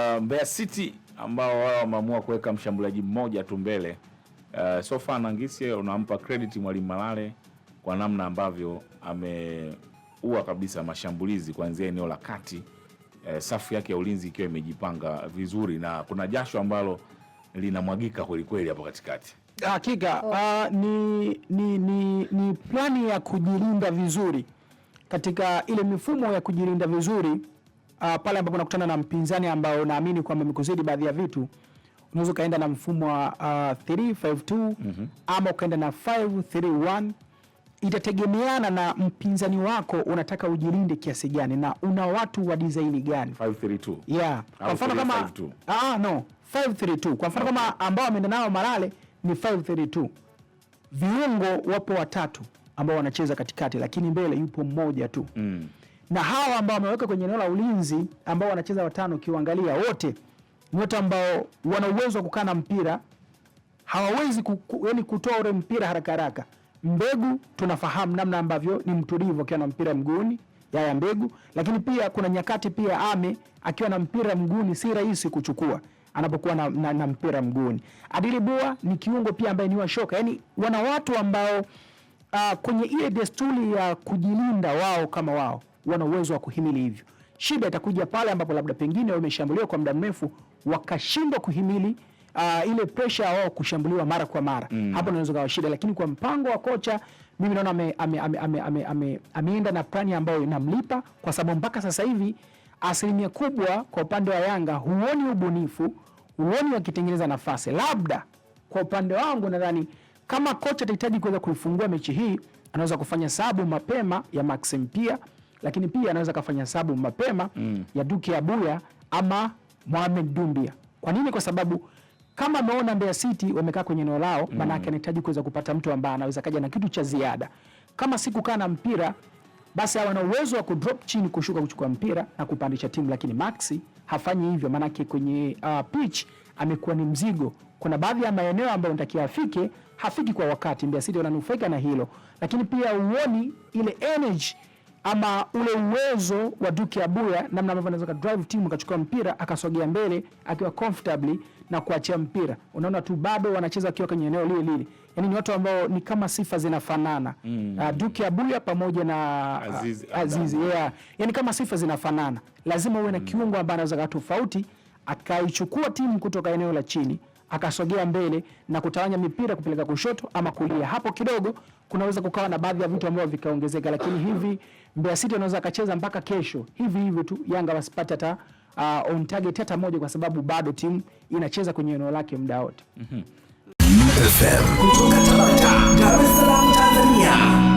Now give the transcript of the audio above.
Uh, Mbeya City ambao wao wameamua kuweka mshambuliaji mmoja tu mbele. Uh, Sofa Nangisye unampa credit Mwalimu Malale kwa namna ambavyo ameua kabisa mashambulizi kuanzia eneo la kati, uh, safu yake ya ulinzi ikiwa imejipanga vizuri na kuna jasho ambalo linamwagika kwelikweli hapo katikati. Hakika uh, ni, ni, ni, ni plani ya kujilinda vizuri katika ile mifumo ya kujilinda vizuri uh, pale ambapo unakutana na mpinzani ambao unaamini kwamba amekuzidi baadhi ya vitu, unaweza ukaenda na mfumo wa 352 mm -hmm. ama ukaenda na 531 itategemeana na mpinzani wako unataka ujilinde kiasi gani na una watu wa design gani. 532 yeah, ah, kwa mfano kama ah, no 532 kwa mfano okay. kama ambao ameenda nao Malale ni 532 viungo wapo watatu ambao wanacheza katikati, lakini mbele yupo mmoja tu mm na hawa ambao wameweka kwenye eneo la ulinzi ambao wanacheza watano, ukiangalia wote ni watu ambao wana uwezo wa kukaa na mpira, hawawezi yani kutoa ule mpira haraka haraka. Mbegu tunafahamu namna ambavyo ni mtulivu akiwa na mpira mguuni, Yaya Mbegu, lakini pia kuna nyakati pia Ame akiwa na mpira mguuni si rahisi kuchukua anapokuwa na, na, na mpira mguuni. Adili Bua ni kiungo pia ambaye ni washoka, yani wana watu ambao uh, kwenye ile desturi ya kujilinda wao kama wao wana uwezo wa kuhimili hivyo. Shida itakuja pale ambapo labda pengine wameshambuliwa kwa muda mrefu wakashindwa kuhimili Uh, ile pressure wao kushambuliwa mara kwa mara mm. Hapo naweza kawa shida, lakini kwa mpango wa kocha mimi naona ameenda ame, ame, ame, ame, ame, ame ame na plani ambayo inamlipa kwa sababu mpaka sasa hivi asilimia kubwa kwa upande wa Yanga huoni ubunifu, huoni wakitengeneza nafasi. Labda kwa upande wangu nadhani kama kocha atahitaji kuweza kuifungua mechi hii, anaweza kufanya sabu mapema ya Maxim pia lakini pia anaweza kafanya hesabu mapema mm. ya Duke Abuya ama Mohamed Dumbia. Kwa nini? Kwa sababu kama ameona Mbeya City wamekaa kwenye eneo lao, mm. maana yake mm. anahitaji kuweza kupata mtu ambaye anaweza kaja na kitu cha ziada. Kama si kukaa na mpira, basi hawana uwezo wa kudrop chini, kushuka, kuchukua mpira na kupandisha timu, lakini Maxi hafanyi hivyo, maanake kwenye uh, pitch amekuwa ni mzigo. Kuna baadhi ya maeneo ambayo unatakiwa afike, hafiki kwa wakati. Mbeya City wananufaika na hilo, lakini pia uoni ile energy ama ule uwezo wa Duke Abuya, namna ambavyo anaweza drive team akachukua mpira akasogea mbele akiwa comfortably na kuachia mpira. Unaona tu bado wanacheza akiwa kwenye eneo lile lile, yaani ni watu ambao ni kama sifa zinafanana mm. Uh, Duke Abuya pamoja na uh, Azizi, Azizi yeah. Yaani kama sifa zinafanana, lazima uwe na mm. kiungo ambaye anaweza tofauti akaichukua timu kutoka eneo la chini akasogea mbele na kutawanya mipira kupeleka kushoto ama kulia. Hapo kidogo kunaweza kukawa na baadhi ya vitu ambavyo vikaongezeka, lakini hivi Mbeya City anaweza akacheza mpaka kesho hivi hivi tu, Yanga wasipate hata uh, on target hata moja, kwa sababu bado timu inacheza kwenye eneo lake muda wote. mm -hmm.